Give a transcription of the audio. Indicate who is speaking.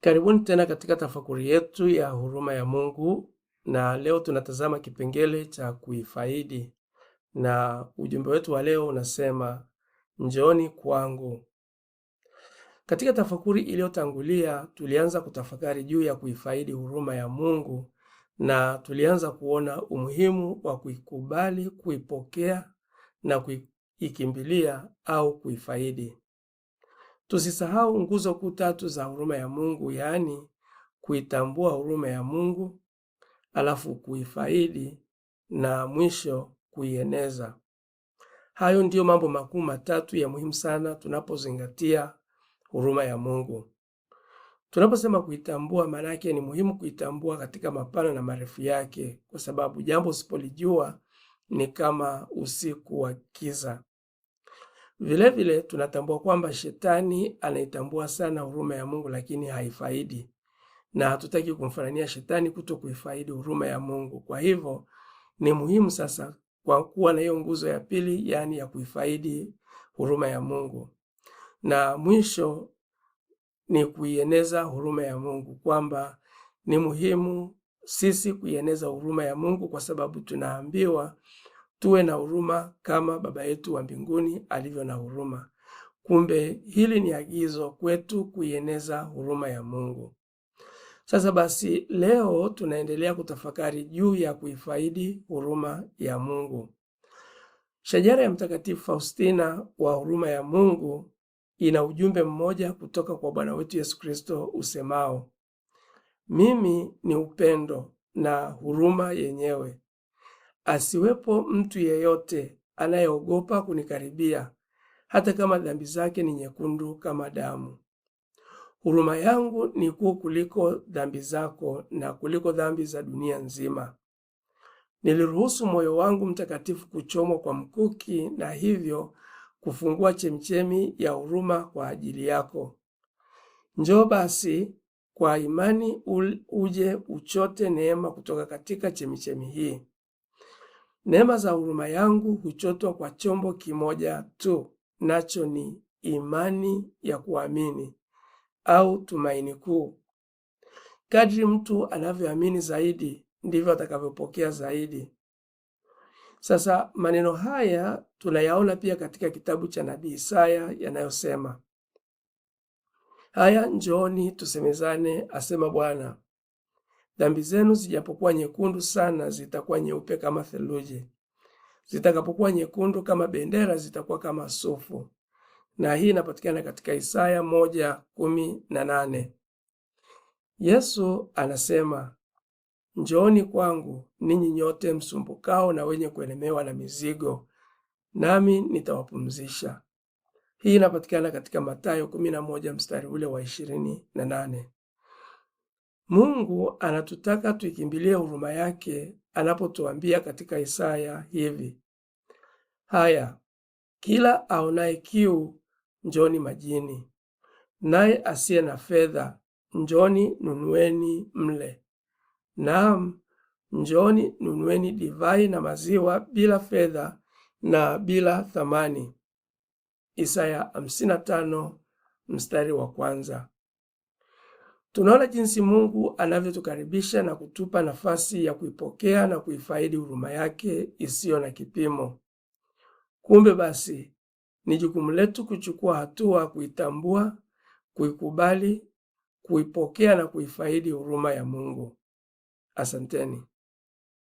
Speaker 1: Karibuni tena katika tafakuri yetu ya huruma ya Mungu, na leo tunatazama kipengele cha kuifaidi, na ujumbe wetu wa leo unasema njooni kwangu. Katika tafakuri iliyotangulia tulianza kutafakari juu ya kuifaidi huruma ya Mungu, na tulianza kuona umuhimu wa kuikubali, kuipokea na kuikimbilia au kuifaidi. Tusisahau nguzo kuu tatu za huruma ya Mungu, yaani kuitambua huruma ya Mungu, alafu kuifaidi na mwisho kuieneza. Hayo ndiyo mambo makuu matatu ya muhimu sana tunapozingatia huruma ya Mungu. Tunaposema kuitambua, maana yake ni muhimu kuitambua katika mapana na marefu yake, kwa sababu jambo usipolijua ni kama usiku wa kiza vile vile tunatambua kwamba shetani anaitambua sana huruma ya Mungu lakini haifaidi, na hatutaki kumfanania shetani kuto kuifaidi huruma ya Mungu. Kwa hivyo ni muhimu sasa kwa kuwa na hiyo nguzo ya pili, yaani ya kuifaidi huruma ya Mungu, na mwisho ni kuieneza huruma ya Mungu, kwamba ni muhimu sisi kuieneza huruma ya Mungu kwa sababu tunaambiwa tuwe na huruma kama Baba yetu wa mbinguni alivyo na huruma. Kumbe hili ni agizo kwetu kuieneza huruma ya Mungu. Sasa basi, leo tunaendelea kutafakari juu ya kuifaidi huruma ya Mungu. Shajara ya Mtakatifu Faustina wa huruma ya Mungu ina ujumbe mmoja kutoka kwa Bwana wetu Yesu Kristo usemao, mimi ni upendo na huruma yenyewe asiwepo mtu yeyote anayeogopa kunikaribia, hata kama dhambi zake ni nyekundu kama damu. Huruma yangu ni kuu kuliko dhambi zako na kuliko dhambi za dunia nzima. Niliruhusu moyo wangu mtakatifu kuchomwa kwa mkuki, na hivyo kufungua chemchemi ya huruma kwa ajili yako. Njoo basi kwa imani uje uchote neema kutoka katika chemichemi hii. Neema za huruma yangu huchotwa kwa chombo kimoja tu, nacho ni imani ya kuamini au tumaini kuu. Kadri mtu anavyoamini zaidi, ndivyo atakavyopokea zaidi. Sasa maneno haya tunayaona pia katika kitabu cha nabii Isaya yanayosema, haya njooni tusemezane, asema Bwana, Dhambi zenu zijapokuwa nyekundu sana, zitakuwa nyeupe kama theluji; zitakapokuwa nyekundu kama bendera, zitakuwa kama sufu. Na hii inapatikana katika Isaya moja kumi na nane. Yesu anasema Njooni kwangu ninyi nyote msumbukao na wenye kuelemewa na mizigo, nami nitawapumzisha. Hii inapatikana katika Mathayo 11 mstari ule wa 28. Mungu anatutaka tuikimbilie huruma yake anapotuambia katika Isaya hivi: haya, kila aonaye kiu njoni majini, naye asiye na fedha njoni nunueni mle. Naam, njoni nunueni divai na maziwa bila fedha na bila thamani. Isaya 55 mstari wa kwanza. Tunaona jinsi Mungu anavyotukaribisha na kutupa nafasi ya kuipokea na kuifaidi huruma yake isiyo na kipimo. Kumbe basi, ni jukumu letu kuchukua hatua kuitambua, kuikubali, kuipokea na kuifaidi huruma ya Mungu. Asanteni.